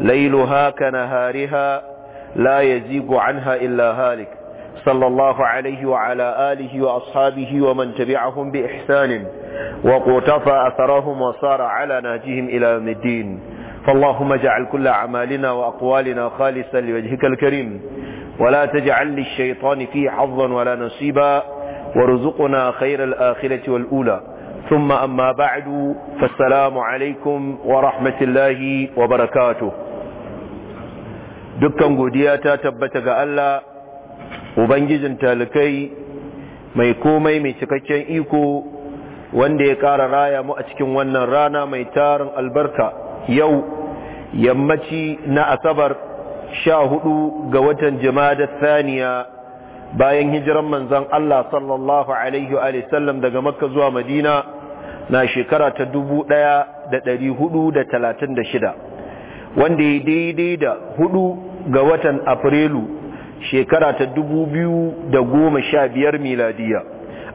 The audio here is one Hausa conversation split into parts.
ليلها كنهارها لا يزيغ عنها إلا هالك صلى الله عليه وعلى آله وأصحابه ومن تبعهم بإحسان وقتفى أثرهم وصار على نهجهم إلى يوم الدين فاللهم اجعل كل أعمالنا وأقوالنا خالصا لوجهك الكريم ولا تجعل للشيطان فيه حظا ولا نصيبا وارزقنا خير الآخرة والأولى ثم أما بعد فالسلام عليكم ورحمة الله وبركاته tabbata قدياتا allah ألا وبنجز تالكي ميكومي mai cikakken إيكو wanda ya ƙara raya mu a cikin wannan rana mai tarin albarka yau yammaci na asabar sha hudu ga watan da saniya. bayan hijiran manzon Allah sallallahu alaihi wa sallam daga makka zuwa madina na shekara ta dubu ɗaya da ɗari hudu da talatin da shida wanda ya daidai da hudu ga watan afrilu shekara ta dubu biyu da goma sha biyar miladiya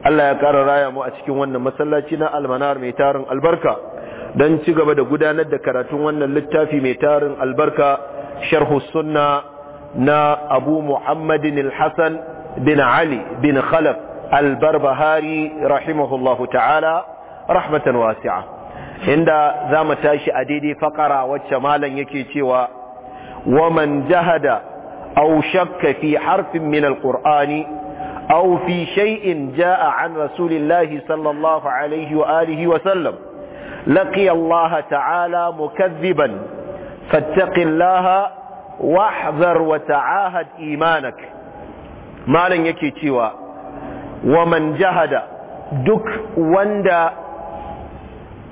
Allah ya ƙara raya mu a cikin wannan masallaci na almanar mai tarin albarka don ci gaba da gudanar da karatun wannan littafi mai tarin albarka sharhu sunna na abu muhammadin al-hassan بن علي بن خلف البربهاري رحمه الله تعالى رحمة واسعة عند ذا تاشي أديدي فقرا والشمالا يكي ومن جهد أو شك في حرف من القرآن أو في شيء جاء عن رسول الله صلى الله عليه وآله وسلم لقي الله تعالى مكذبا فاتق الله واحذر وتعاهد إيمانك malam yake cewa wa man jahada duk wanda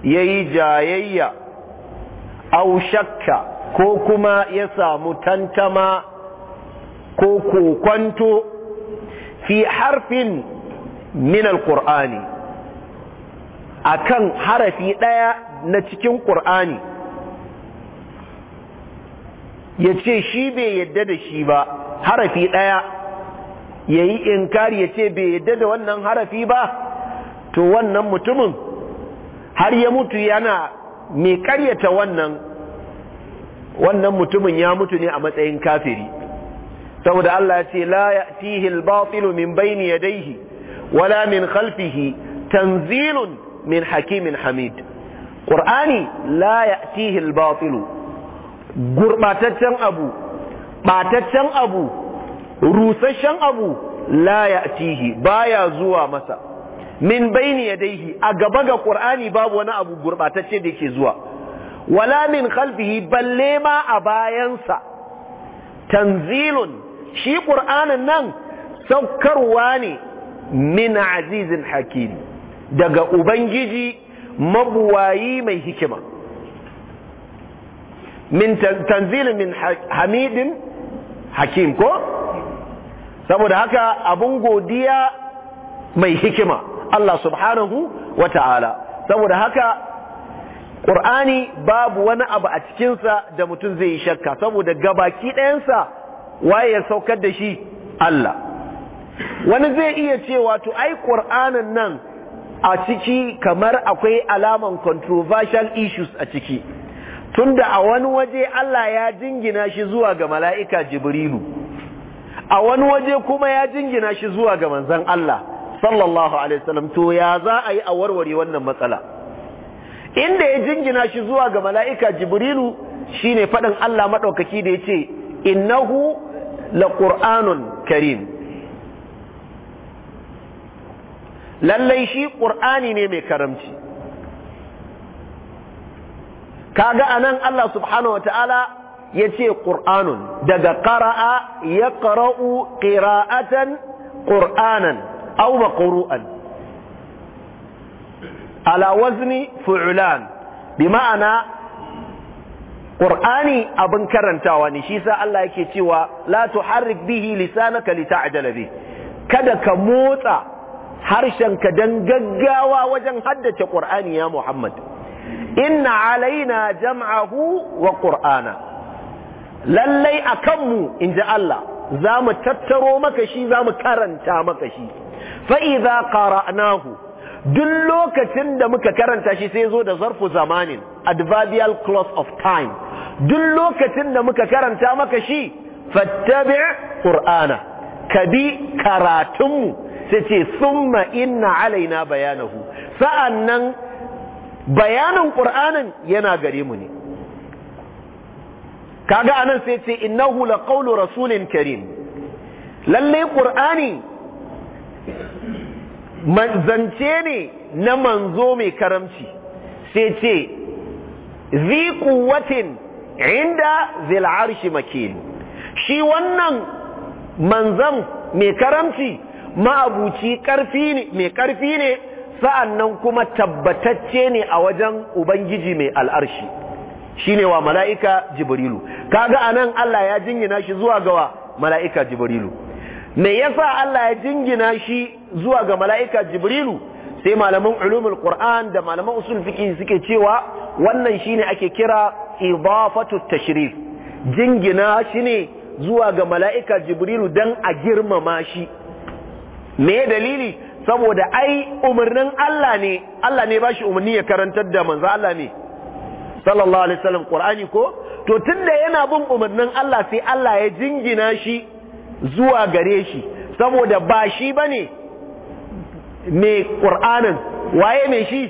yayi jayayya aw shakka ko kuma ya samu tantama ko kokwanto fi harfin min alqur'ani akan harafi ɗaya na cikin qur'ani yace shi bai yadda da shi ba harafi ɗaya. Yayi yi inkari ya ce bai yadda da wannan harafi ba to wannan mutumin har ya mutu yana mai karyata wannan wannan mutumin ya mutu ne a matsayin kafiri saboda Allah ya ce la ya'tihi al batil min bayni yadayhi wala min khalfihi tanzilun min hakimin hamid qur'ani la ya'tihi al batil gurbataccen abu bataccen abu Rusashen abu la ya'tihi baya zuwa masa min baini yadayhi a gaba ga qur'ani babu wani abu gurbatacce da yake zuwa wala min khalfihi balle ma a bayansa tanzilun shi qur'anin nan saukarwa ne min azizin hakim daga ubangiji mabuwayi mai hikima min tanzilin min hamidin hakim ko saboda haka abun godiya mai hikima Allah subhanahu wa ta'ala saboda haka Qur'ani babu wani abu a cikinsa da mutum zai yi shakka saboda gabaki ɗayansa waye ya saukar da shi Allah wani zai iya cewa to ai Qur'anin nan a ciki kamar akwai alaman controversial issues a ciki tunda a wani waje Allah ya jingina shi zuwa ga mala'ika Jibrilu a wani waje kuma ya jingina shi zuwa ga manzan Allah sallallahu alaihi wasallam to ya za a yi a warware wannan matsala inda ya jingina shi zuwa ga mala'ika jibrilu shine faɗin Allah madaukaki da ya ce innahu laqur'anun karim lallai shi ƙur'ani ne mai karamci kaga anan Allah subhanahu wa ya ce ƙur'anun daga ƙara'a ya ƙara'u ƙira'atan ƙur'anan au maƙuru'an ala wazni fu'ulan bi ma'ana ƙur'ani abin karantawa ne shi sa Allah yake cewa latu tuharrik bihi lisanaka lita'jala bi kada ka motsa harshenka dan gaggawa wajen haddace ƙur'ani ya Muhammad inna alaina jam'ahu wa ƙur'ana lallai a kanmu in ji Allah za mu tattaro maka shi za mu karanta maka shi fa'iza ƙara'nahu duk lokacin da muka karanta shi sai zo da zarfu zamanin adverbial clause of time duk lokacin da muka karanta maka shi fattabi ƙur'ana ka bi karatunmu sai ce summa inna alaina bayanahu sa'annan bayanin ƙur'anin yana gare mu ne kaga anan sai ce innahu laqawlu rasulin karim lalle qur'ani manzance ne na manzo mai karamci sai ce zi quwwatin inda zil arshi makil shi wannan manzan mai karamci ma'abuci karfi ne mai karfi ne sa'annan kuma tabbatacce ne a wajen ubangiji mai al'arshi shine wa mala'ika jibrilu ga anan Allah ya jingina shi zuwa ga mala'ika jibrilu me yasa Allah ya jingina shi zuwa ga mala'ika jibrilu sai malaman ulumul qur'an da malaman usul fiqh suke cewa wannan shine ake kira idafatu tashrif jingina shi ne zuwa ga mala'ika jibrilu dan a girmama shi me dalili saboda ai umarnin Allah ne Allah ne bashi umarni ya karantar da manzo Allah ne sallallahu alaihi wasallam qur'ani ko to tunda yana bin umarnin Allah sai Allah ya jingina shi zuwa gare shi saboda ba shi bane ne qur'anin waye ne shi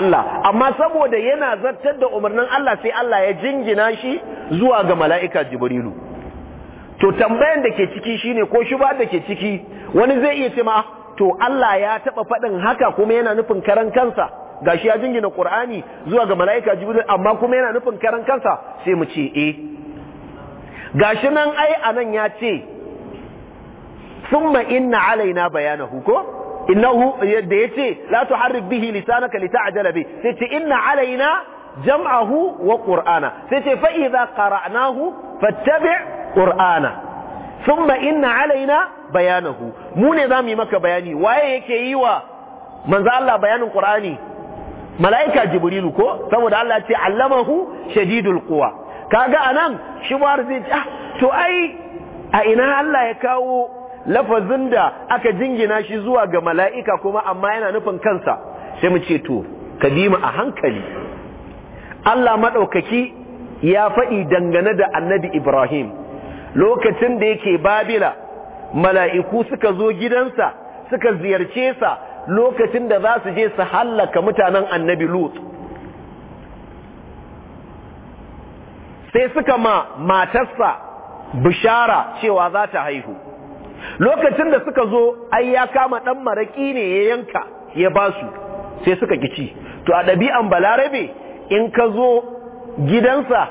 Allah amma saboda yana zartar da umarnin Allah sai Allah ya jingina shi zuwa ga mala'ika jibrilu to tambayan da ke ciki shine ko shi ba da ke ciki wani zai iya cewa ah, to Allah ya taba faɗin haka kuma yana nufin karan kansa gashi ya jingina qur'ani zuwa ga malaika jibril amma kuma yana nufin karan kansa sai mu ce eh gashi nan ai anan ya ce thumma inna alaina bayanahu ko innahu yadda yace la tuharrik bihi lisanaka lita'jala bi sai ce inna alaina jam'ahu wa qur'ana sai ce fa idza qara'nahu fattabi' qur'ana thumma inna alaina bayanahu mu ne zamu yi maka bayani waye yake yi wa manzo Allah bayanin Qur'ani mala'ika jibrilu ko saboda Allah ce allamahu shadidul quwa kaga anan shi bar zai ah to ai a ina Allah ya kawo lafazin da aka jingina shi zuwa ga mala'ika kuma amma yana nufin kansa sai mu ce to kadima a hankali Allah madaukaki ya faɗi dangane da annabi Ibrahim lokacin da yake Babila mala'iku suka zo gidansa suka ziyarce sa lokacin da za su je su hallaka mutanen annabi lut sai suka ma matarsa bishara cewa za ta haihu lokacin da suka zo ai ya kama ɗan maraƙi ne ya yanka ya ba su sai suka kici to a ɗabi'an balarabe in ka zo gidansa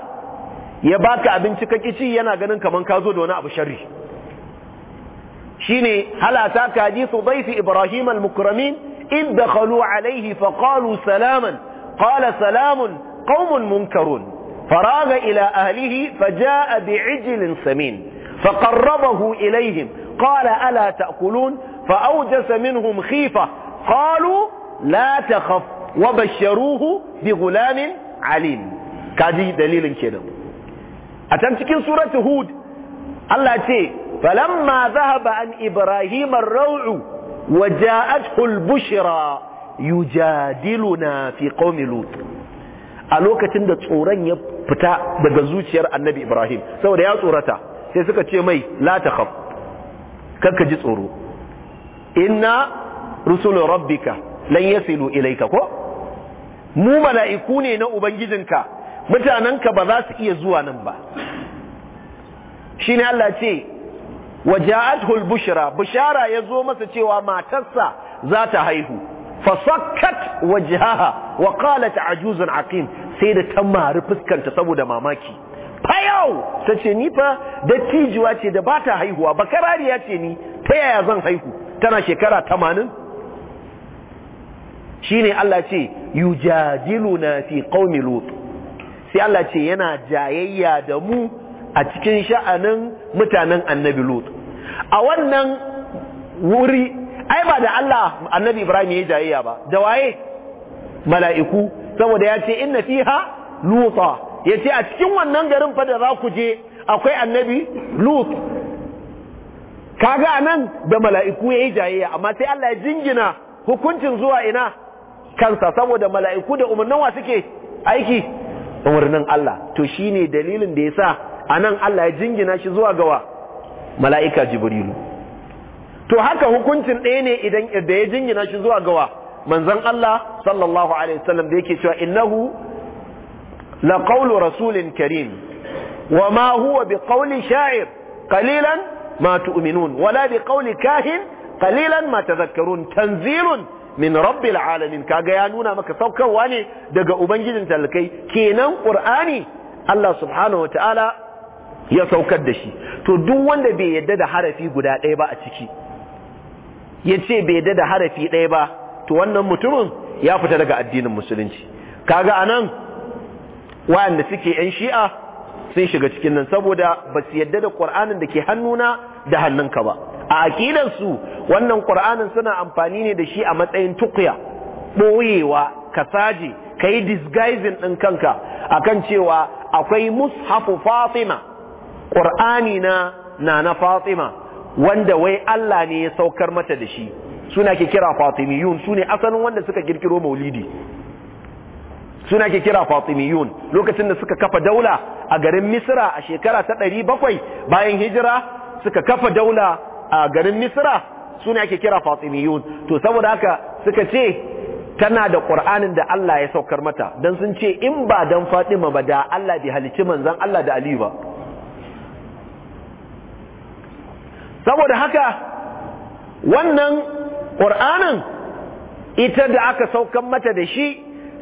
ya baka abinci ka kici yana ganin kaman ka zo da wani abu sharri شيني هل أتاك حديث ضيف إبراهيم المكرمين إن دخلوا عليه فقالوا سلاما قال سلام قوم منكرون فراغ إلى أهله فجاء بعجل سمين فقربه إليهم قال ألا تأكلون فأوجس منهم خيفة قالوا لا تخف وبشروه بغلام عليم كذي دليل كده أتمتكين سورة هود Allah ce falamma zahaba an ibrahim rau'u rawu wa ja'athu al-bushra fi a lokacin da tsoron ya fita daga zuciyar annabi ibrahim saboda ya tsorata sai suka ce mai la takhaf karka ji tsoro ina rusulu rabbika lan yasilu ilayka ko mu mala'iku ne na ubangijinka mutanenka ba za su iya zuwa nan ba Shin Allah ce hulbushira bishara bushara zo masa cewa matarsa za ta haihu fasakkat wajhaha wa qalat ajuzun aqim sai da ta mari fuskanta saboda mamaki fayau ce ni fa dattijuwa ce da ba ta haihuwa bakarariya ce ni ta yaya zan haihu tana shekara tamanin? shine Allah ce yujadiluna fi qaumi sai Allah ce yana jayayya da mu a cikin sha'anin mutanen annabi lut a wannan wuri ai ba da Allah annabi Ibrahim ya jayayya ba da waye mala'iku saboda ya ce inna fiha luta ya ce a cikin wannan garin fa da za ku je akwai annabi lut kaga anan da mala'iku ya yi jayayya amma sai Allah ya jingina hukuncin zuwa ina kansa saboda mala'iku da umarnin wa suke aiki umarnin Allah to shine dalilin da yasa anan Allah ya jingina shi zuwa gawa mala'ika jibrilu to haka hukuncin ɗaya ne idan da ya jingina shi zuwa gawa manzan Allah sallallahu alaihi wasallam da yake cewa innahu la qawlu rasulin karim wa ma huwa bi ƙauni sha'ir ƙalilan ma tu'uminun wala bi ƙauni kahin ƙalilan ma tadhakkarun tanzilun min rabbil alamin kaga ya nuna maka saukarwa ne daga ubangijin talakai kenan qur'ani Allah subhanahu ta'ala. ya saukar da shi to duk wanda bai yadda da harafi guda ɗaya ba a ciki ya ce bai yadda da harafi ɗaya ba to wannan mutumin ya fita daga addinin musulunci kaga anan wa'anda suke yan shi'a sun shiga cikin nan saboda ba su yadda da ƙwar'anin da ke hannuna da hannunka ba a su wannan ƙwar'anin suna amfani ne da shi a matsayin Ɓoyewa ka saje ka yi disguising ɗin kanka akan cewa akwai mushafu fatima ƙur'ani na na na fatima wanda wai Allah ne ya saukar mata da shi suna ke kira fatimiyun su asalin wanda suka girkiro maulidi suna ke kira fatimiyun lokacin da suka kafa daula a garin misra a shekara ta ɗari bakwai bayan hijira suka kafa daula a garin misra suna ke kira fatimiyun to saboda haka suka ce tana da ƙur'anin da Allah ya saukar mata don sun ce in ba don fatima ba da Allah bai halicci manzan Allah da Ali ba saboda haka wannan ƙur'anin ita da aka saukan mata da shi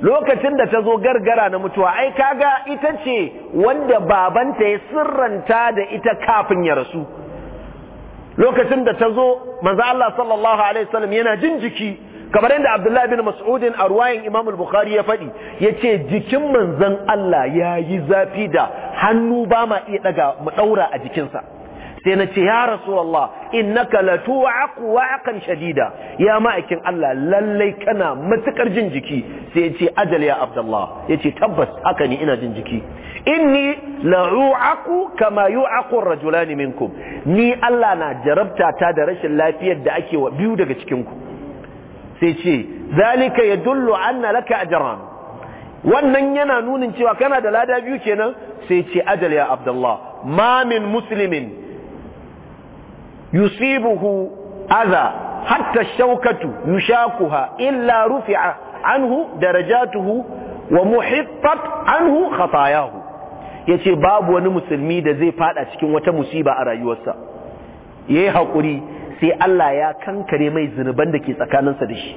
lokacin da ta zo gargara na mutuwa ai kaga ita ce wanda babanta ya sirranta da ita kafin ya rasu lokacin da ta zo manzo Allah sallallahu alaihi wasallam yana jin jiki kamar yadda Abdullah bin Mas'udin a ruwayan Imam al-Bukhari ya faɗi yace jikin manzon Allah yayi zafi da hannu ba ma iya daga mu daura a jikinsa sai na ce ya rasulullah innaka latu'aqu wa'qan shadida ya ma'aikin Allah lallai kana matukar jin jiki sai ya ce ajal ya abdullah yace tabbas haka ni ina jin jiki inni la'u'aqu kama yu'aqu ar-rajulani minkum ni Allah na jarabta ta da rashin lafiyar da ake wa biyu daga cikin ku sai ce zalika yadullu anna laka ajran wannan yana nunin cewa kana da lada biyu kenan sai ce ajal ya abdullah ma min muslimin yusibuhu aza hatta shaukatu yushakuha illa rufi'a anhu darajatuhu wa muhittat anhu khatayahu yace babu wani musulmi da zai fada cikin wata musiba a rayuwarsa yayi hakuri sai Allah ya kankare mai zunuban da ke tsakaninsa da shi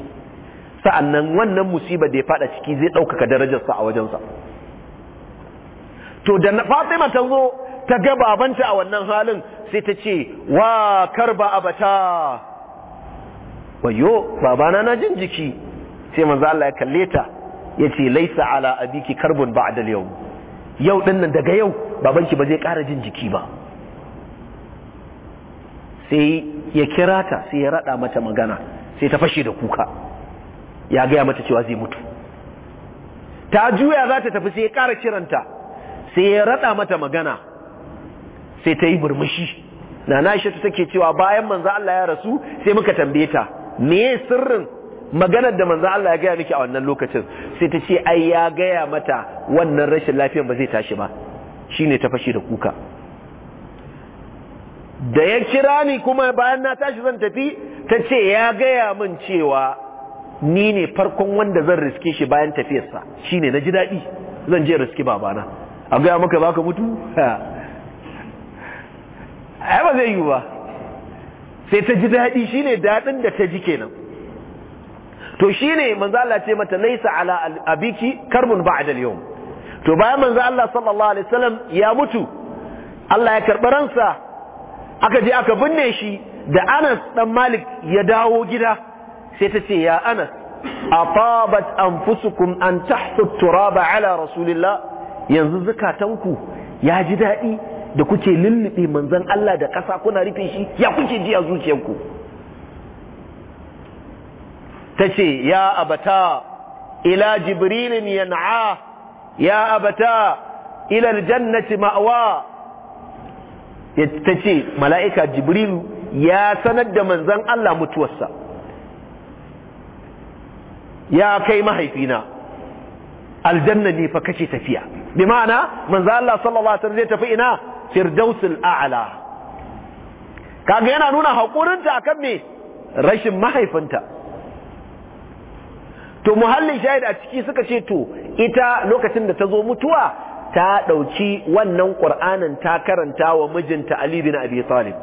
sa'annan wannan musiba da ya fada ciki zai ɗaukaka darajarsa a wajensa to da Fatima ta zo ta ga babanta a wannan halin sai ta ce wa karba abata wayo babana na jin jiki sai manzo Allah ya kalle ta yace laisa ala abiki karbun ba'da yau yau din nan daga yau babanki ba zai kara jin jiki ba sai ya kira ta sai ya rada mata magana sai ta fashe da kuka ya gaya mata cewa zai mutu ta juya za ta tafi sai ya ƙara kiranta sai ya rada mata magana sai ta yi murmushi na na shi take cewa bayan manzan Allah ya rasu sai muka tambaye ta me sirrin maganar da manzan Allah ya gaya miki a wannan lokacin sai ta ce ai ya gaya mata wannan rashin lafiyan ba zai tashi ba shine ta fashi da kuka da ya kira ni kuma bayan na tashi zan tafi ta ce ya gaya min cewa ni ne farkon wanda zan riske shi bayan tafiyarsa shine na ji daɗi zan je riske babana a gaya maka ka mutu ai ba zai yi ba sai ta ji daɗi shine daɗin da ta ji kenan to shi ne Allah ce mata naisa ala abiki karbun ba'da al-yawm to bayan manzo Allah sallallahu alaihi wasallam ya mutu Allah ya karɓi ransa aka je aka binne shi da Anas ɗan Malik ya dawo gida sai ta ce ya Anas an anfusukum an tahsu turaba ala rasulillah yanzu zukatanku ya ji daɗi da kuke lullube manzan Allah da ƙasa kuna rufe shi ya kuke ji a zuciyarku ce ya abata ila jibrilin yan'a ya abata ila ma'awa. Ta ce mala'ika jibrilu ya sanar da manzan Allah mutuwarsa ya kai mahaifina aljanna ne fa kace tafiya bi ma'ana manzo Allah sallallahu alaihi wasallam zai tafi ina firdausul Aala, kaga yana nuna haƙurinta akan me rashin mahaifinta to muhallin shahid a ciki suka ce to ita lokacin da ta zo mutuwa ta ɗauki wannan ƙur'anin ta karanta wa mijinta Ali bin Abi Talib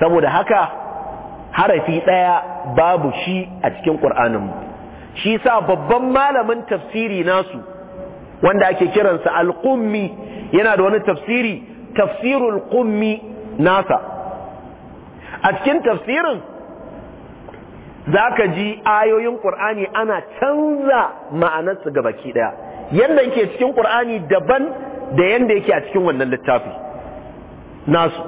saboda haka harafi ɗaya babu shi a cikin ƙur'anin shi sa babban malamin tafsiri nasu wanda ake kiransa al-qummi yana da wani tafsiri tafsirul qummi nasa a cikin tafsirin zaka ji ayoyin qur'ani ana canza ma'anarsa ga baki daya yanda yake cikin qur'ani daban da yanda yake a cikin wannan littafi nasu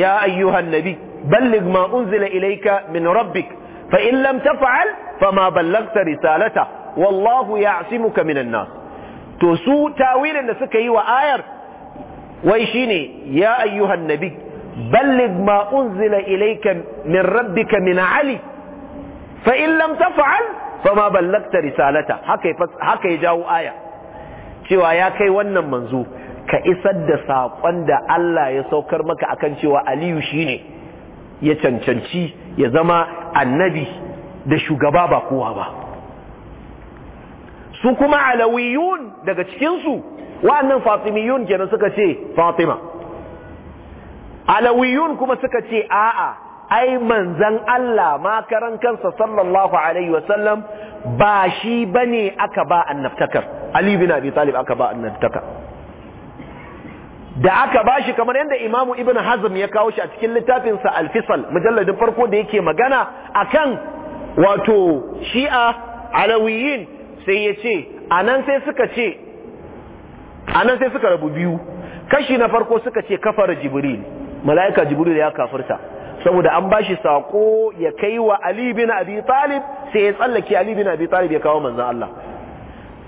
ya ayyuhan nabi balligh ma unzila ilayka min rabbik fa in lam taf'al fama ballagta risalata wallahu asimuka minan nas to su tawilin da suka yi wa ayar wai shine ya ayyuhan nabi balligh ma unzila ilayka min rabbika min ali fa in lam taf'al fama ballagta risalata haka haka ya jawo aya cewa ya kai wannan manzo ka isar da saƙon da Allah ya saukar maka akan cewa Aliyu shine ya cancanci ya zama annabi da shugaba ba kowa ba su kuma alawiyun daga cikinsu wa'annan fatimiyun kenan suka ce fatima alawiyun kuma suka ce a'a ai manzan Allah ma karan kansa sallallahu alaihi wasallam ba shi bane aka ba annabtakar ali bin abi talib aka ba annabtakar da aka ba shi kamar yadda imamu ibn hazm ya kawo shi a cikin littafinsa alfisal mujalladin farko da yake magana akan wato shi'a alawiyin sai ya ce a nan sai suka ce a sai suka rabu biyu kashi na farko suka ce kafar jibril mala'ika jibril ya kafirta saboda an bashi sako ya kai wa ali bin abi talib sai ya tsallake ali bin abi talib ya kawo manzan Allah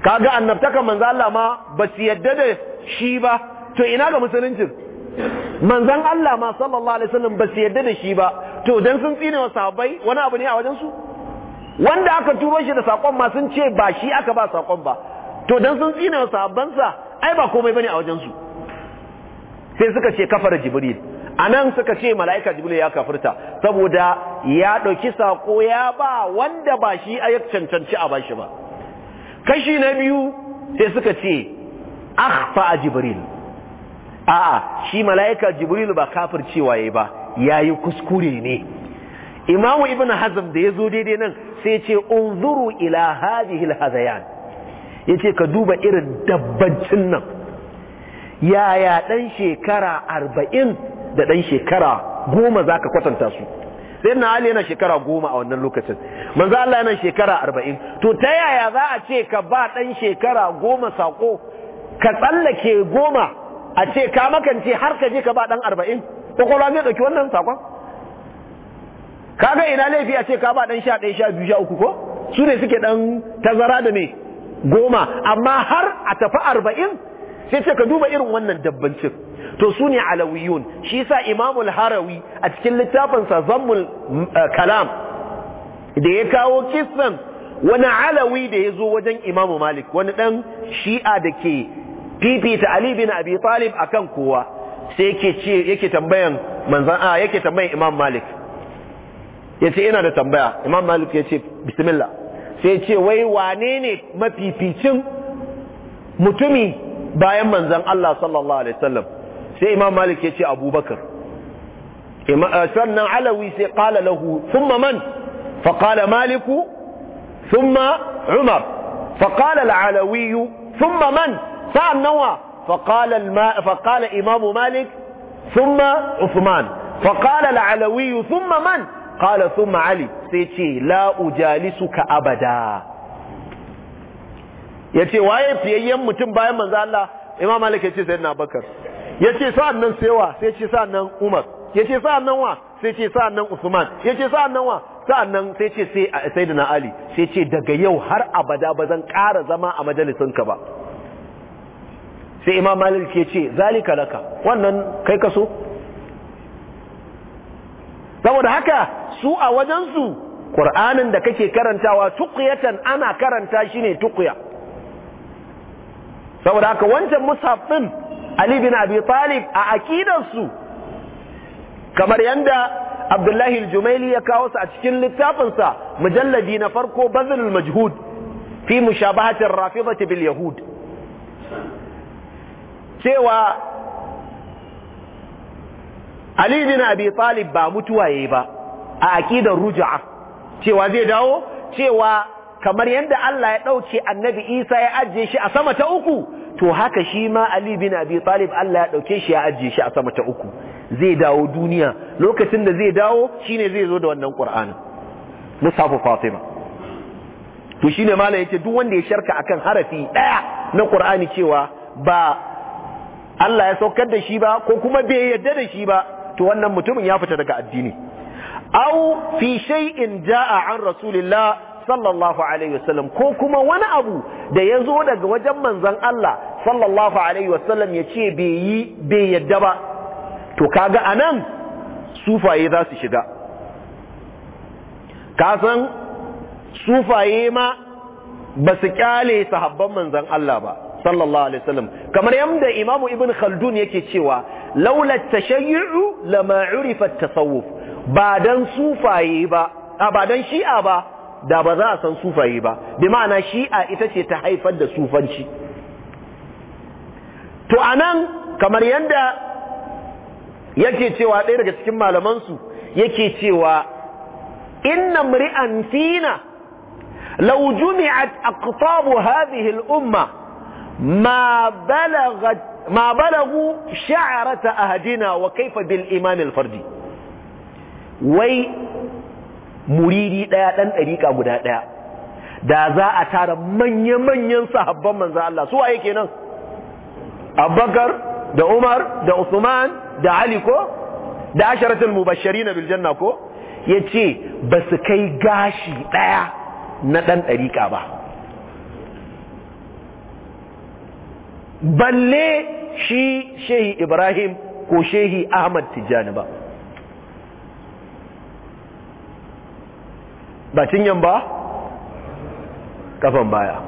kaga annabtaka manzan Allah ma ba su yadda da shi ba to ina ga musuluncin manzan Allah ma sallallahu alaihi wasallam ba su yadda da shi ba to dan sun tsine wa sahabbai wani abu ne a wajen su wanda aka turo shi da sakon ma sun ce ba shi aka ba sakon ba to dan sun tsina wa sahabbansa ai ba komai bane a wajen su sai suka ce kafara jibril anan suka ce mala'ika jibril ya kafirta saboda ya ɗauki sako ya ba wanda ba shi a cancanci a bashi ba kashi na biyu sai suka ce akhfa jibril a'a shi mala'ika jibril ba kafircewa yayi ba yayi kuskure ne imamu ibn hazm da ya zo daidai nan sai ce unzuru ila hadhihi alhazayan yace ka duba irin dabbancin nan yaya dan shekara 40 da dan shekara 10 zaka kwatanta su sai na ali yana shekara 10 a wannan lokacin manzo Allah yana shekara 40 to ta yaya za a ce ka ba dan shekara goma sako ka tsallake goma a ce ka makance har ka je ka ba dan 40 ko kowa zai dauki wannan sakon kaga ina laifi a ce ka ba dan sha ɗaya sha biyu sha uku ko su ne suke dan tazara da me goma amma har a tafi arba'in sai ce ka duba irin wannan dabbancin to su ne alawiyun shi yasa imamul harawi a cikin littafinsa zammul eh, kalam da ya kawo kisan wani alawi da ya zo wajen imamu malik wani dan shi'a da ke fifita ali bin abi talib akan kowa sai yake yake tambayan manzan a yake tambayan imam malik ya ce ina da tambaya imam malik ya ce bismillah sai ce wai wane ne mafificin mutumi bayan manzan Allah sallallahu alaihi wasallam sai imam malik ya ce abubakar eh, sannan alawi sai kala lahu thumma man faƙala maliku thumma umar faƙala al'alawiyu thumma man sa'an nawa faƙala imamu malik thumma usman faƙala al'alawiyu thumma man qala thumma ali sai ce la ujalisuka abada yace waye fiyayyen mutum bayan manzo Allah imam malik yace sayyidina bakar yace sa'annan sewa sai sai sa'annan umar yace sa'annan wa sai sai sa'annan usman yace sa'annan wa sa'annan sai ce sai sayyidina ali sai ce daga yau har abada bazan ƙara zama a majalisinka ba sai imam malik ya ce zalika laka wannan kai ka so? saboda haka su a wajensu ƙur'anin da kake karantawa tukuyatan ana karanta shi ne tuƙiya saboda haka wancan musafin ali bin abi talib a aƙidarsu kamar yadda abdullahi al-jumaili ya kawo su a cikin littafinsa mujallabi na farko bazil majhud fi mushabahatin rafidati bil yahud cewa ali bin abi talib ba mutuwa yayi ba a aqidar ruj'a cewa zai dawo cewa kamar yadda Allah ya dauke annabi Isa ya ajiye shi a sama ta uku to haka shi ma Ali bin Abi Talib Allah ya dauke shi ya ajiye shi a sama ta uku zai dawo duniya lokacin da zai dawo shine zai zo da wannan Qur'ani Mustafa Fatima to shine mala yake duk wanda ya sharka akan harafi daya na Qur'ani cewa ba Allah ya saukar da shi ba ko kuma bai yarda da shi ba to wannan mutumin ya fita daga addini aw fi shay'in jaa an rasulillah sallallahu alaihi wasallam ko kuma wani abu da ya zo daga wajen manzon Allah sallallahu alaihi wasallam ya ce bai yi bai yadda ba to kaga anan sufaye za su shiga kasan sufaye ma ba su kyale sahabban manzon Allah ba sallallahu alaihi wasallam kamar yadda Imam ibn khaldun yake cewa laula tashayyu lama urifa tasawuf ba dan sufaye ba ba dan shi'a ba da ba za a san sufaye ba bi ma'ana shi'a ita ce ta haifar da sufanci to anan kamar yanda yake cewa ɗaya daga cikin malamansu yake cewa inna mri'an fina law jumi'at aqtab hadhihi al-umma ma balagha ma balagu sha'rata ahdina wa kayfa bil iman al-fardi wai muriri ɗaya ɗan ɗariƙa guda ɗaya da za a tara manya-manyan sahabban manzan Allah su waye kenan abubakar da umar da usman da ali ko da asharatul mubashari na biljanna ko ya ce ba su kai gashi ɗaya na ɗan ɗariƙa ba balle shi shehi ibrahim ko shehi ahmad tijjani ba ba cinyan ba kafan baya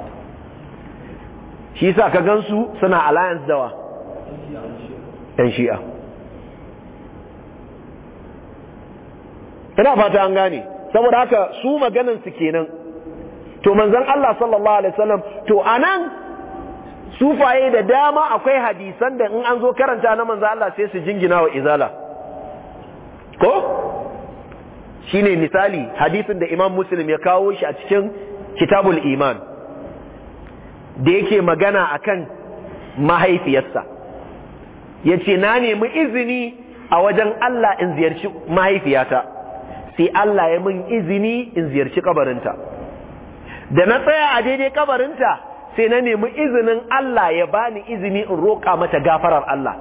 shi sa ka gansu suna alliance dawa ɗan shi'a ina fata an gane saboda haka su maganansu kenan to manzan Allah sallallahu Alaihi wasallam to anan sufaye da dama akwai hadisan da in an zo karanta na manzan Allah sai su jingina wa izala ko? shine misali hadisin da imam muslim ya kawo shi a cikin kitabul iman da yake magana akan mahaifiyarsa ya ce na nemi izini a wajen Allah in ziyarci mahaifiyata sai Allah ya min izini in ziyarci kabarinta da na tsaya a daidai kabarinta sai na nemi izinin Allah ya bani izini in roƙa mata gafarar Allah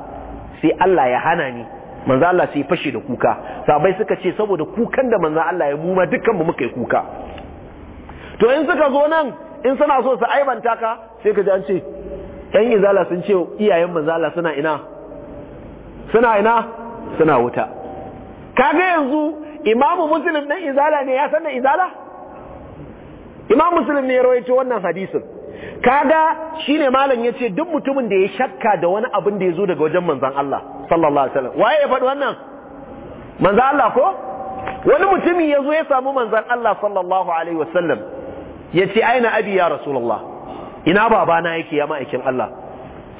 sai Allah ya hana ni manzo Allah sai fashe da kuka sabai suka ce saboda kukan da manzo Allah ya buma dukkan mu muka yi kuka to in suka zo nan in suna so su aibanta ka sai ka ji an ce yan izala sun ce iyayen manzo Allah suna ina suna ina suna wuta kaga yanzu imamu muslim dan izala ne ya san da izala imam muslim ne ya rawaito wannan hadisin kaga shine malam yace duk mutumin da ya shakka da wani abin da yazo daga wajen manzon Allah sallallahu alaihi wasallam waye ya faɗi wannan manzon Allah ko wani mutumi yazo ya samu manzon Allah sallallahu alaihi wasallam yace aina abi ya rasulullah ina babana yake ya ma'aikin Allah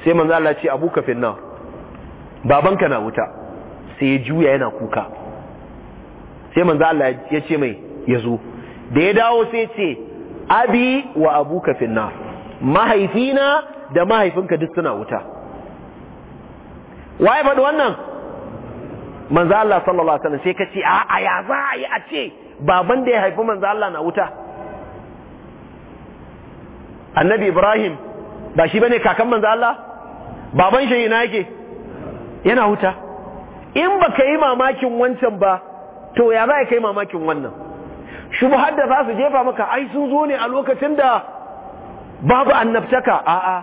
sai manzon Allah ce abuka finna babanka na wuta sai ya juya yana kuka sai manzon Allah ya ce mai yazo da ya dawo sai ya ce abi wa abuka finna mahaifina da mahaifinka duk suna wuta waye faɗi wannan manzo Allah sallallahu alaihi wasallam sai ka ce a ya za a yi a ce baban da ya haifi manzo Allah na wuta annabi Ibrahim ba shi bane kakan manzo Allah baban shi ina yake yana wuta in baka yi mamakin wancan ba to ya za ka yi mamakin wannan shubuhar da za su jefa maka ai sun zo ne a lokacin da babu annabtaka a'a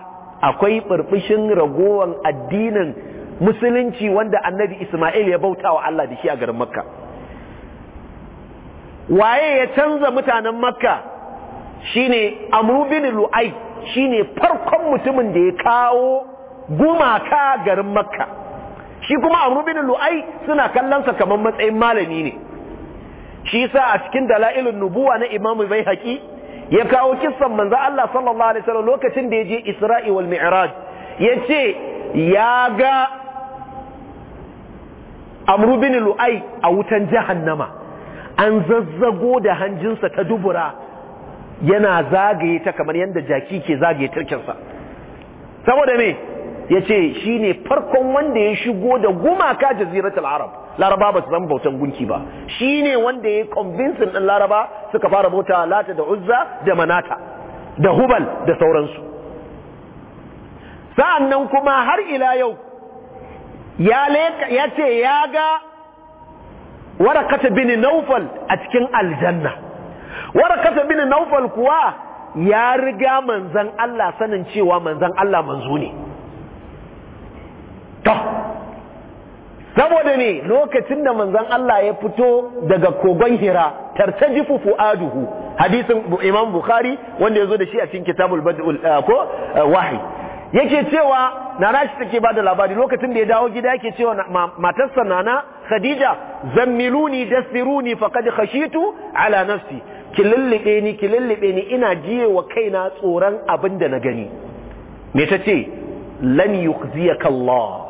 akwai burbushin ragowan addinin musulunci wanda annabi Ismail ya bauta wa Allah da shi a garin Makka waye ya canza mutanen Makka shine Amru bin Lu'ay shine farkon mutumin da ya kawo gumaka garin Makka shi kuma Amru bin Lu'ay suna kallon sa kamar matsayin malami ne shi yasa a cikin dalailun nubuwa na Imam Baihaqi ya kawo kissan manzo Allah sallallahu alaihi wasallam lokacin da ya je Isra'i wal Mi'raj yace ya ga Amru bin Lu'ai a wutan jahannama an zazzago da hanjinsa ta dubura yana zagaye ta kamar yadda jaki ke zagaye turkinsa saboda me yace ne farkon wanda ya shigo da gumaka jaziratul arab laraba ba su zama bautan gunki ba Shi ne wanda ya convincing din laraba suka fara bauta lata da uzza da manata da hubal da sauransu sa'annan kuma har ila yau ya ya ce ya ga warakata bin naufal a cikin aljanna warakata bin naufal kuwa ya riga manzan Allah sanin cewa manzan Allah manzo ne to saboda ne lokacin da manzon Allah ya fito daga kogon Hira tartajifu fuaduhu hadisin Imam Bukhari wanda zo da shi a cikin Kitabul Bad'ul eh, ko eh, Wahi yake cewa nana shi take bada labari lokacin da ya dawo gida yake cewa matarsa nana Khadija zammiluni dasiruni faqad khashitu ala nafsi ki lullube ni ki lullube ni ina jiye wa kaina tsoron abin da na gani me tace lan yukhziyaka Allah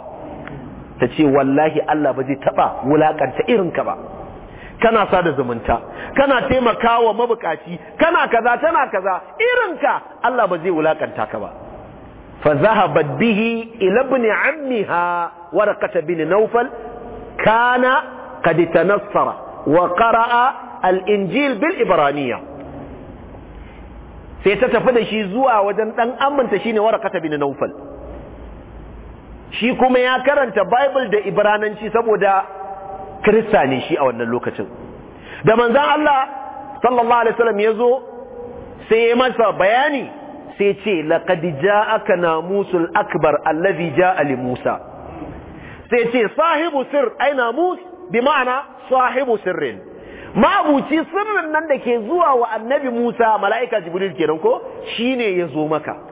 ta ce wallahi Allah ba zai taɓa wulaƙanta irinka ba kana sada zumunta kana taimakawa mabukaci kana kaza tana kaza irinka Allah ba zai wulakanta ka ba fa zahabat bihi ila ibn ammiha warqat bin nawfal kana qad tanassara wa qara'a al-injil bil ibraniya sai ta tafi da shi zuwa wajen dan amminta shine warqat bin nawfal shi kuma ya karanta bible da ibrananci saboda kirista ne shi a wannan lokacin da manzan Allah sallallahu alaihi wasallam ya zo sai ya masa bayani sai ce laqad ja'aka namusul akbar allazi ja ali Musa sai ce sahibu sir ai namus bi ma'ana sahibu sirrin ma'abuci sirrin nan da ke zuwa wa annabi Musa mala'ika Jibril kenan ko ne ya zo maka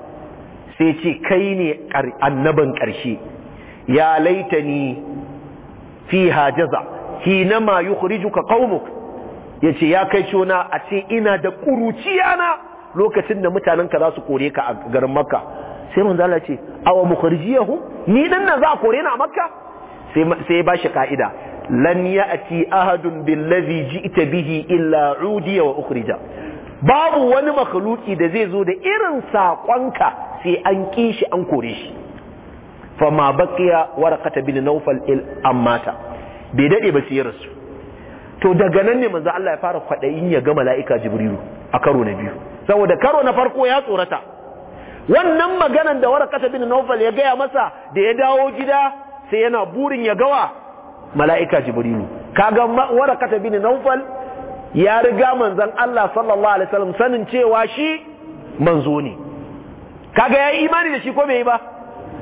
sai ce kai ne annaban ƙarshe ya ni fi hajaza hina ma yukhrijuka qaumuk yace ya kai cona a ce ina da na lokacin da mutanenka za su kore ka a garin makka sai manzo Allah ce awa ni dan nan za a kore ni a makka sai ba shi kaida lan ya'ti ahadun billazi ji'ta bihi illa udiya wa ukhrija babu wani makhluki da zai zo da irin saƙonka sai an ƙi shi an kore shi fama bakiya warqata bin naufal il ammata bai dade ba sai rasu to daga nan ne manzo Allah ya fara kwadayin ya ga malaika jibrilu a karo na biyu saboda karo na farko ya tsorata wannan maganan da warqata bin naufal ya gaya masa da ya dawo gida sai yana burin ya gawa malaika jibrilu kaga warqata bin naufal? ya riga manzon Allah sallallahu alaihi wasallam sanin cewa shi manzo ne kaga yayi imani da shi ko bai ba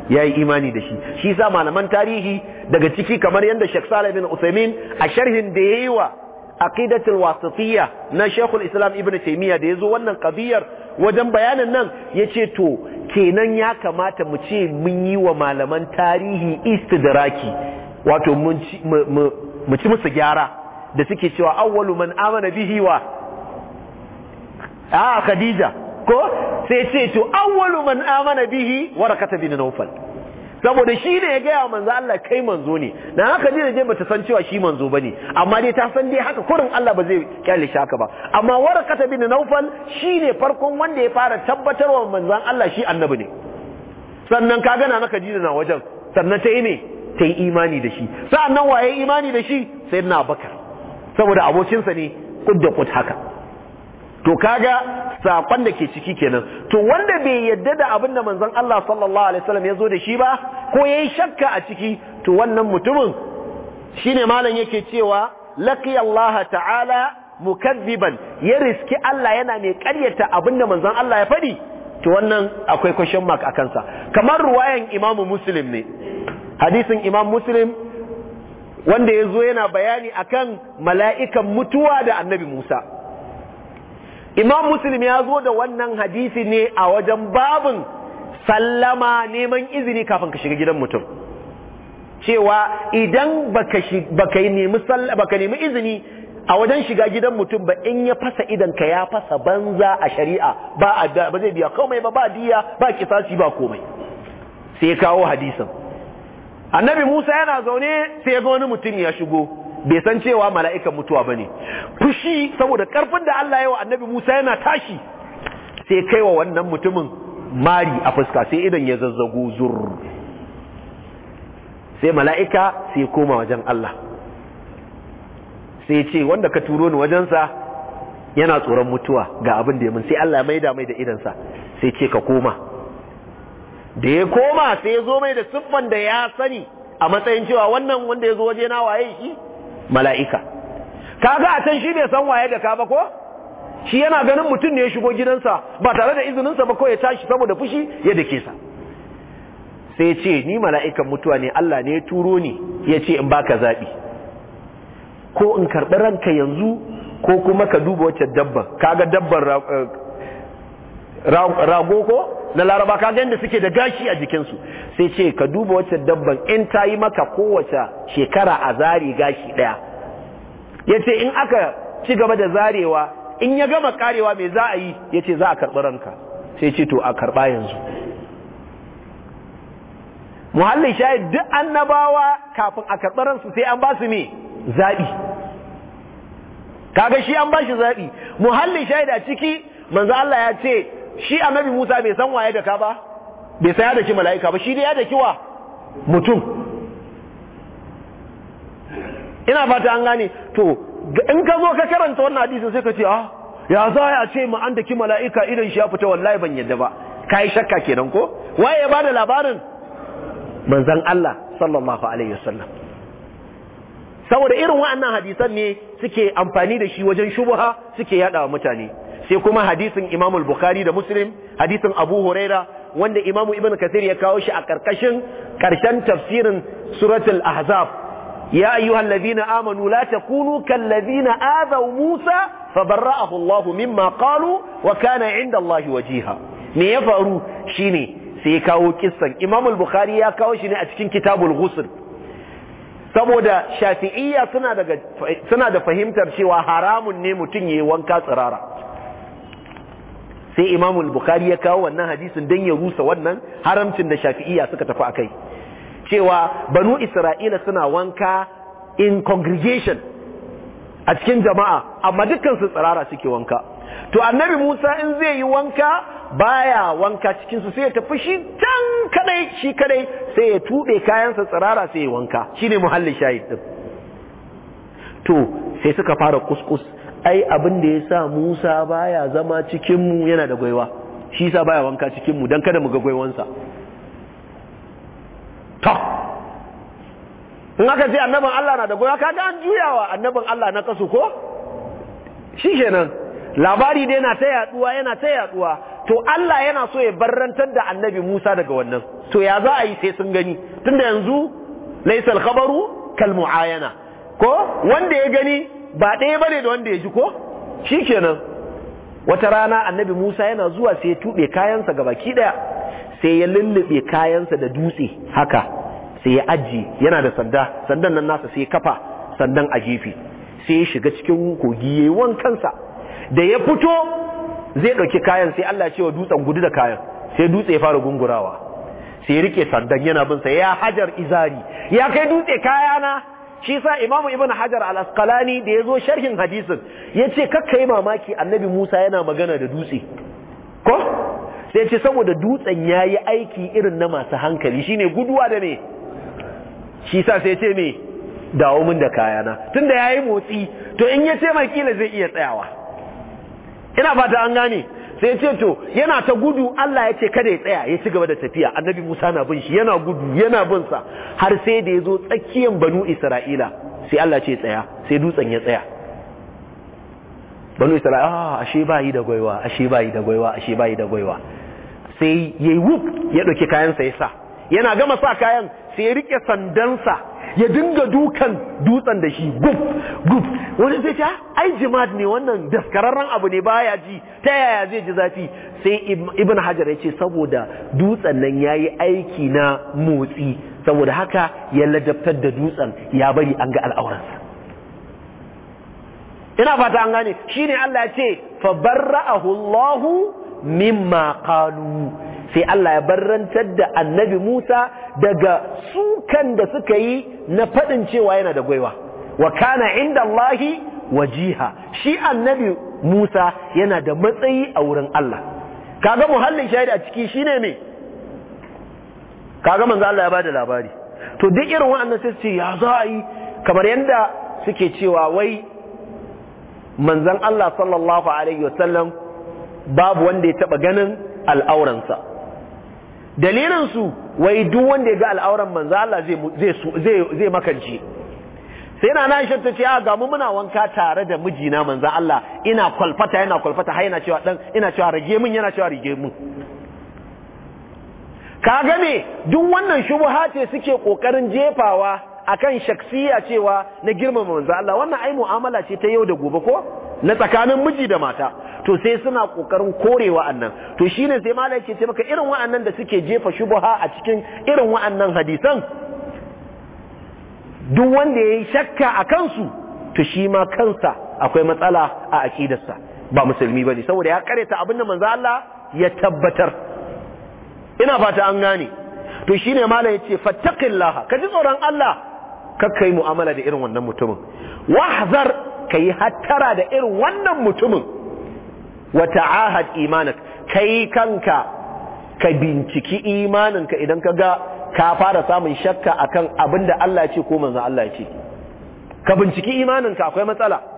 yayi imani da shi shi sa malaman tarihi daga ciki kamar yadda Sheikh Salih bin Uthaymeen a sharhin da yayi wa aqidatul wasitiyya na Sheikhul Islam Ibn Taimiyya da ya zo wannan kabiyar wajen bayanin nan Ya ce to kenan ya kamata mu ce mun yi wa malaman tarihi istidraki wato mu ci musu gyara da suke cewa awwalu man amana bihi wa a ah, khadija ko sai ce to awwalu man amana bihi warakata bin nawfal saboda shi ne ya gaya manzo Allah kai manzo ne na haka dai je bata san cewa shi manzo bane amma dai ta san dai haka kurin Allah ba zai kyale shi haka ba amma warakata bin nawfal shine farkon wanda ya fara tabbatarwa manzon Allah shi annabi ne sannan ka gana na Khadija na wajen sannan ta yi ne ta yi imani da shi sa'annan waye imani da shi sayyidina Abubakar saboda abokinsa ne kud da kud haka to kaga sakon da ke ciki kenan to wanda bai yadda da abin da manzon Allah sallallahu alaihi wasallam ya zo da shi ba ko yayi shakka a ciki to wannan mutumin shine malam yake cewa laqi Allah ta'ala mukazziban ya riski Allah yana mai ƙaryata abin da manzon Allah ya fadi to wannan akwai question mark a kansa kamar ruwayan Imam Muslim ne hadisin Imam Muslim wanda ya zo yana bayani akan mala'ikan mutuwa da annabi Musa. Imam Muslim ya zo da wannan hadisi ne a wajen babin sallama neman izini kafin ka shiga gidan mutum. Cewa idan baka nemi izini a wajen shiga gidan mutum ba in ya fasa idanka ya fasa banza a shari'a ba zai biya komai ba ba diya ba kisasi ba komai. Sai kawo hadisin. annabi Musa yana zaune sai ya ga wani mutum ya shigo bai san cewa mala'ikan mutuwa ba ne. fushi saboda karfin da Allah ya annabi Musa yana tashi sai wa wannan mutumin mari a fuska sai idan ya zazzago zur sai mala'ika sai koma wajen Allah sai ce wanda ka turo ni wajensa yana tsoron mutuwa ga abin da ya mun sai Allah ya maida mai da idansa sai ce ka koma da ya koma sai ya zo mai da siffan da ya sani a matsayin cewa wannan wanda ya zo waje na waye shi mala'ika kaga a can shi bai san waye da ka ba ko shi yana ganin mutum ne ya shigo gidansa ba tare da izininsa ba ko ya tashi saboda fushi ya dake sa sai ce ni mala'ikan mutuwa ne Allah ne ya turo ni ya ce in baka zaɓi ko in karɓi ranka yanzu ko kuma ka duba wacce dabba kaga dabban eh, rago ko na laraba ka ga yadda suke da gashi a jikinsu sai ce ka duba wacce dabban in ta yi maka kowace shekara a zari gashi ɗaya ya in aka ci gaba da zarewa in ya gama karewa mai za a yi ya ce za a karɓi ranka sai ce to a karɓa yanzu muhallin shayar duk annabawa kafin a karɓi ransu sai an ba su me zaɓi kaga shi an ba shi zaɓi muhallin shayar a ciki manzo Allah ya ce shi annabi Musa bai san waye da ka ba bai san ya da ki mala'ika ba shi dai ya da kiwa mutum ina fata an gane to in ka zo ka karanta wannan hadisin sai ka ce ah ya za a ce ma an da ki mala'ika idan shi ya fita wallahi ban yadda ba kai shakka kenan ko waye ya bada labarin manzon Allah sallallahu alaihi wasallam saboda irin wa'annan hadisan ne suke amfani da shi wajen shubuha suke yada wa mutane sai kuma hadisin Imam al-Bukhari da Muslim hadisin Abu Huraira wanda Imam Ibn Kathir ya kawo shi a karkashin karshen tafsirin suratul Ahzab ya ayyuhal ladina amanu la takunu kal ladina adaw Musa fabarra'ahu Allah mimma qalu wa kana 'inda Allah wajiha me ya faru shine sai ya kawo kissan Imam al-Bukhari ya kawo shi ne a cikin Kitabul Ghusl saboda Shafi'iyya suna da fahimtar cewa haramun ne mutum yayi wanka tsirara sai imamul bukhari ya kawo wannan hadisin don ya rusa wannan haramcin da shafi'iya suka tafi a kai cewa banu isra'ila suna wanka in congregation a cikin jama'a amma su tsirara suke wanka to annabi musa in zai yi wanka baya wanka cikinsu sai ya tafi shi can kadai shi kadai sai ya tuɓe kayansa tsirara sai ya wanka shine muhallin shahid din to sai suka fara kuskus ai abin da ya sa Musa baya zama cikinmu yana da gwaiwa shi sa baya wanka cikinmu don kada mu ga gwaiwansa ta in aka ce annabin Allah na da gwaiwa kaga an juyawa annabin Allah na kasu ko shi nan labari dai na ta yaduwa yana ta yaduwa to Allah yana so ya barrantar da annabi Musa daga wannan to ya za a yi sai sun gani tunda yanzu laisal khabaru kal muayana ko wanda ya gani ba ɗaya bane da wanda ya ji ko shikenan wata rana annabi Musa yana zuwa sai ya tube kayansa ga baki daya sai ya lullube kayansa da dutse haka sai ya aji yana da sanda sandan nan nasa sai ya kafa sandan a gefe sai ya shiga cikin kogi yayin wankansa da ya fito zai ɗauki kayan sai Allah ya ce wa dutsen gudu da kayan sai dutse ya fara gungurawa sai ya rike sandan yana bin sa ya hajar izari ya kai dutse kayana shi sa imamu ibn hajar al-asqalani da ya zo sharhin hadisin ya ce kakka yi mamaki annabi musa yana magana da dutse ko sai ce saboda dutsen ya yi aiki irin na masu hankali shine guduwa da me shi sa sai ce me dawo min da kayana tunda ya yi motsi to in ya ce mai kila zai iya tsayawa ina fata an gane sai ce to yana ta gudu Allah ya ce kada ya tsaya ya ci gaba da tafiya annabi Musa na bin shi yana gudu yana bin sa har sai da yazo tsakiyar banu Isra'ila sai Allah ce tsaya sai dutsen ya tsaya banu Isra'ila ah ashe ba yi da gwaiwa ashe ba yi da gwaiwa ashe ba yi da gwaiwa sai yayi wuf ya dauki kayan sa ya sa yana gama sa kayan sai ya rike sandansa ya dinga dukan dutsen da shi gub gub wani sai ta ai jimad ne wannan daskararren abu ne baya ji ta yaya zai ji zafi sai ibn hajar ya ce saboda dutsen nan yayi aiki na motsi saboda haka ya ladabtar da dutsen ya bari an ga al'auransa ina fata an gane shine Allah ya ce fa barra'ahu Allahu mimma qalu sai Allah ya barrantar da annabi Musa daga sukan da suka yi na faɗin cewa yana da gwaiwa wa kana inda Allahi wajiha shi annabi Musa yana da matsayi a wurin Allah kaga muhallin shahidi a ciki shine me kaga manzo Allah ya bada labari to duk irin wannan sai ce ya za a yi kamar yanda suke cewa wai manzon Allah sallallahu alaihi wasallam babu wanda ya taba ganin al'auransa dalilin su wai duk wanda ya ga al'auran manzo Allah zai zai zai makanci sai na na shi tace a ga mu muna wanka tare da mijina manzo Allah ina kwalfata yana kwalfata har yana cewa dan ina cewa rage min yana cewa rage min ka ga me duk wannan shubuhace suke kokarin jefawa akan shaksiya cewa na girmama manzo Allah wannan ai mu'amala ce ta yau da gobe ko na tsakanin miji da mata to sai suna kokarin korewa annan to shine sai malai ke ce maka irin wa'annan da suke jefa shubha a cikin irin wa'annan hadisan duk wanda yayi shakka a kansu to shi ma kansa akwai matsala a aqidarsa ba musulmi bane saboda ya kareta abin da manzo Allah ya tabbatar ina fata an gane to shine malai ce, fattaqillaha ka ji tsoron Allah yi mu'amala da irin wannan mutumin wahzar yi hattara da irin wannan mutumin ahad imanin ka kai kanka ka binciki imaninka idan ka ga ka fara samun shakka akan abinda Allah ce ko manzan Allah ce ka binciki imaninka akwai matsala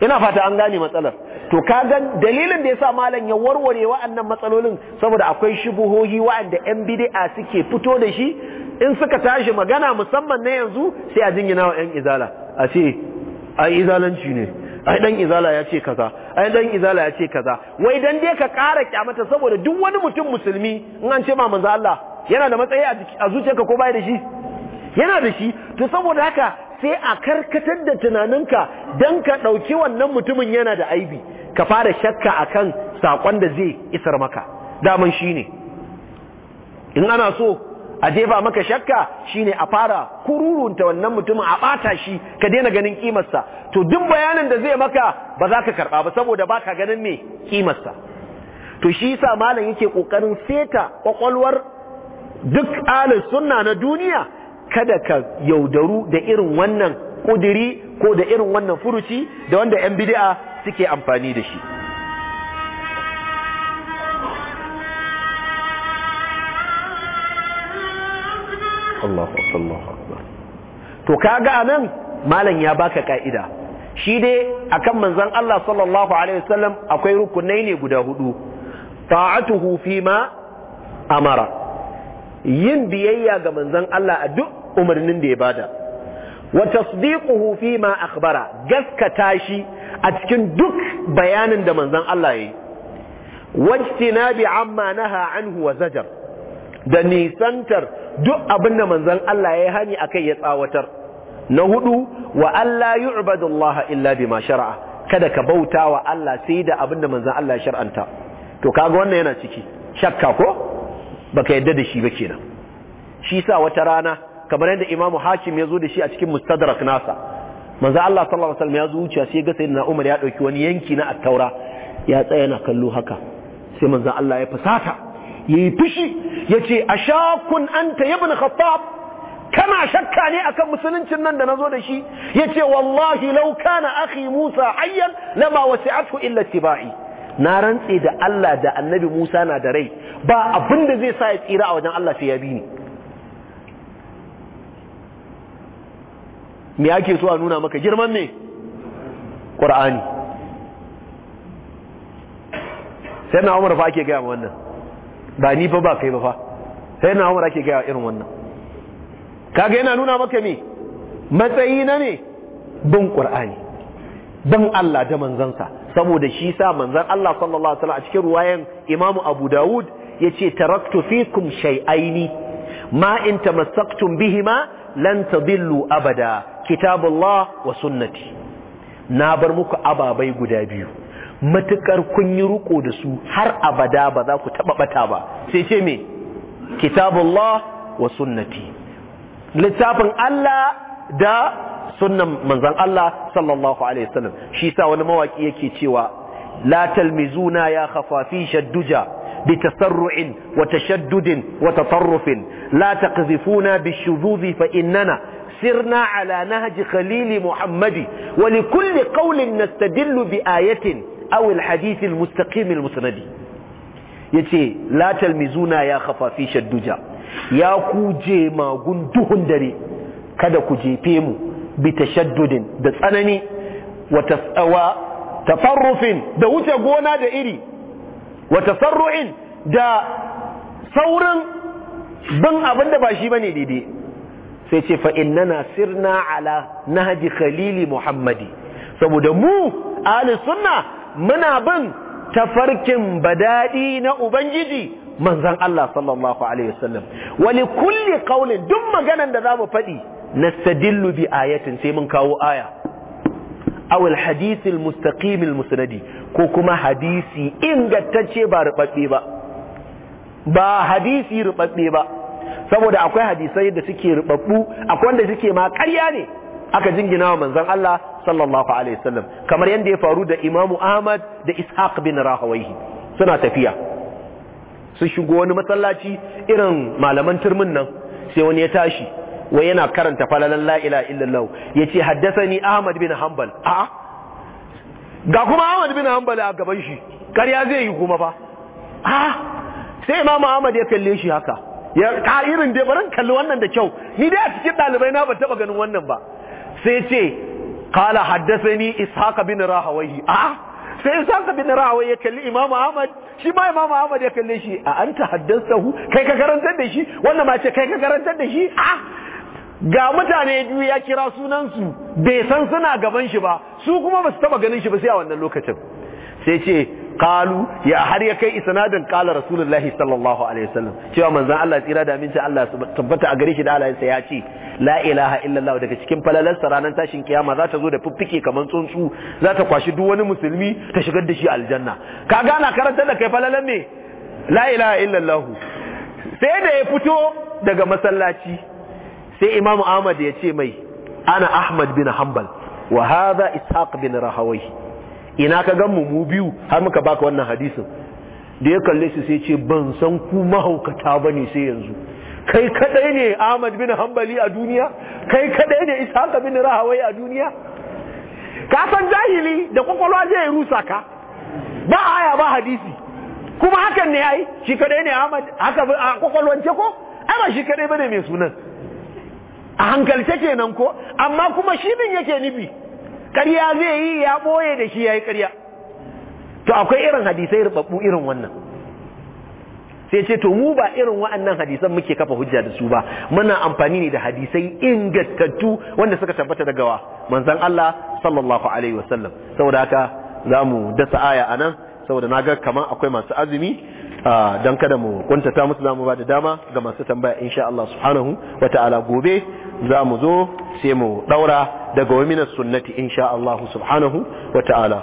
ina fata an gane matsalar to ka kagan dalilin da yasa malam ya warware wa'annan matsalolin saboda akwai shubuhohi wa'anda yan bid'a suke fito da shi in suka tashi magana musamman na yanzu sai a jingina wa yan izala a ce ai izalanci ne ai dan izala ya ce kaza ai dan izala ya ce kaza wai dan dai ka ƙara kyamata saboda duk wani mutum musulmi in an ce ma manzo Allah yana da matsayi a zuciyarka ko bai da shi yana da shi to saboda haka sai a karkatar da tunaninka don ka ɗauki wannan mutumin yana da aibi ka fara shakka a kan saƙon da zai isar maka daman shi ne in ana so a jefa maka shakka shine a fara kururunta wannan mutumin a ɓata shi ka daina ganin ƙimarsa. to duk bayanin da zai maka ba za ka karɓa ba saboda ba ka ganin me ƙimarsa. to shi yasa malam yake ƙoƙarin seta ƙwaƙwalwar duk alis suna na duniya kada ka yaudaru da irin wannan kudiri ko da irin wannan furuci da wanda 'yan bidi'a suke amfani da shi Allahu Allahu ga to kaga anan malam ya baka ka'ida shi dai akan manzon Allah sallallahu alaihi wasallam akwai rukunai ne guda hudu ta'atuhu fima amara yin biyayya ga manzon Allah a duk umarnin da ya bada wa tasdiquhu fi ma akhbara gaskata shi a cikin duk bayanin da manzon Allah yayi wajtinabi amma naha anhu wa zajar da nisantar duk abin da manzon Allah yayi hani akai ya tsawatar na hudu wa alla yu'badu Allah illa bima shar'a kada ka bauta wa Allah sai da abin da manzon Allah ya shar'anta to kaga wannan yana ciki shakka ko baka yadda da shi ba kenan shi sa wata rana kamar yadda imamu hakim ya zo da shi a cikin mustadrak nasa manzo Allah sallallahu alaihi wasallam ya zuciya wuciya sai ga sayyidina Umar ya dauki wani yanki na attaura ya tsaya na kallo haka sai manzo Allah ya fasata yayi fushi yace ashakun anta ibn khattab kana shakka ne akan musuluncin nan da nazo da shi yace wallahi law kana akhi Musa hayyan lama wasi'athu illa tibai na rantse da Allah da annabi Musa na da rai ba abin da zai sa ya tsira a wajen Allah sai ya bi ni me ake so a nuna maka girman me ƙur'ani sai na umar fa ake gaya wannan ba ni fa ba kai ba fa sai na umar ake gaya irin wannan kaga yana nuna maka me matsayi na ne bin ƙur'ani Don Allah da manzansa saboda shi sa manzan Allah sallallahu alaihi wasallam a cikin ruwayan Imam Abu Dawud ce taraktu fikum shai'aini ma in tamassaktum bihima lan tadillu abada kitabullah wa sunnati na bar muku ababai guda biyu matukar kun yi ruko da su har abada ba za ku taba bata ba sai ce me kitabullah wa sunnati littafin Allah da sunnan manzon Allah sallallahu alaihi wasallam shi sa wani mawaki yake cewa la talmizuna ya khafafi shadduja بتسرع la وتطرف لا bi بالشذوذ فإننا سرنا على نهج خليل محمد ولكل قول نستدل بآية أو الحديث المستقيم المسند يتي لا تلمزونا يا خفافيش الدجا يا كوجي ما قندهن دري كذا كوجي بيمو بتشدد دسأنني وتسأوى تفرف دوتا قونا دائري وتسرع دا saurin bin abin da ba shi bane daidai sai ce fa sirna ala nahji khalili muhammadi saboda mu ahli sunna muna bin tafarkin badadi na ubangiji manzon Allah sallallahu alaihi wasallam kulli qaulin duk maganan da zamu na nastadillu bi ayatin sai mun kawo aya aw al hadith musnadi ko kuma hadisi ingantacce ba rubabbe ba ba hadisi rubabbe ba saboda akwai hadisai da suke rubabbu akwai wanda suke ma ƙarya ne aka jingina wa manzon Allah sallallahu alaihi wasallam kamar yanda ya faru da Imam Ahmad da Ishaq bin Rahawayhi suna tafiya su shigo wani masallaci irin malaman turmin nan sai wani ya tashi wai yana karanta falalan la ilaha illallah yace haddathani Ahmad bin Hanbal a ga kuma Ahmad bin Hanbal a gaban shi ƙarya zai yi kuma fa a sai Imam Ahmad ya kalle shi haka ya ka'irin dai barin kalli wannan da kyau ni dai a cikin ɗalibai na ba taba ganin wannan ba sai ce kala haddasa ni ishaq bin rahawayi a sai Isaka bin rahawayi ya kalli imamu Ahmad shi ma imamu Ahmad ya kalle shi a anta haddathahu kai ka karantar da shi wannan ma ce kai ka karantar da shi a ga mutane biyu ya kira sunan su bai san suna gaban shi ba su kuma basu taba ganin shi ba sai a wannan lokacin sai ce qalu ya har ya kai isnadin qala rasulullahi sallallahu alaihi wasallam cewa manzon Allah tsira da aminci Allah ya tabbata a gare shi da Allah ya ce la ilaha illallah daga cikin falalar ranar tashin kiyama za ta zo da fiffike kaman tsuntsu za ta kwashi duk wani musulmi ta shigar da shi aljanna ka gana karantar da kai falalar me la ilaha illallah sai da ya fito daga masallaci sai imam Ahmad ya ce mai ana Ahmad bin Hanbal wa hadha Ishaq bin Rahawai ina ka gan mu mu biyu har muka baka wannan hadisin da ya kalle su sai ce ban san ku mahaukata ba ne sai yanzu kai kadai ne Ahmad bin Hanbali a duniya kai kadai ne Ishaq bin Rahawai a duniya ka san jahili da kwakwalwa zai rusa ka ba aya ba hadisi kuma hakan ne ai shi kadai ne Ahmad haka a kwakwalwance ko ai ba shi kadai bane mai sunan a hankalce kenan ko amma kuma shi min yake nufi ƙarya zai yi ya ɓoye da shi ya yi ƙarya to akwai irin hadisai rubabbu irin wannan sai ce to mu ba irin wa'annan hadisan muke kafa hujja da su ba muna amfani ne da hadisai ingantattu wanda suka tabbata da gawa manzon Allah sallallahu alaihi wasallam saboda haka zamu dasa aya anan na ga kaman akwai masu azumi dan kada mu kuntata musu zamu ba da dama ga masu tambaya insha Allah subhanahu wataala gobe za mu zo sai mu daura daga waminar sunnati insha Allah subhanahu wa ta'ala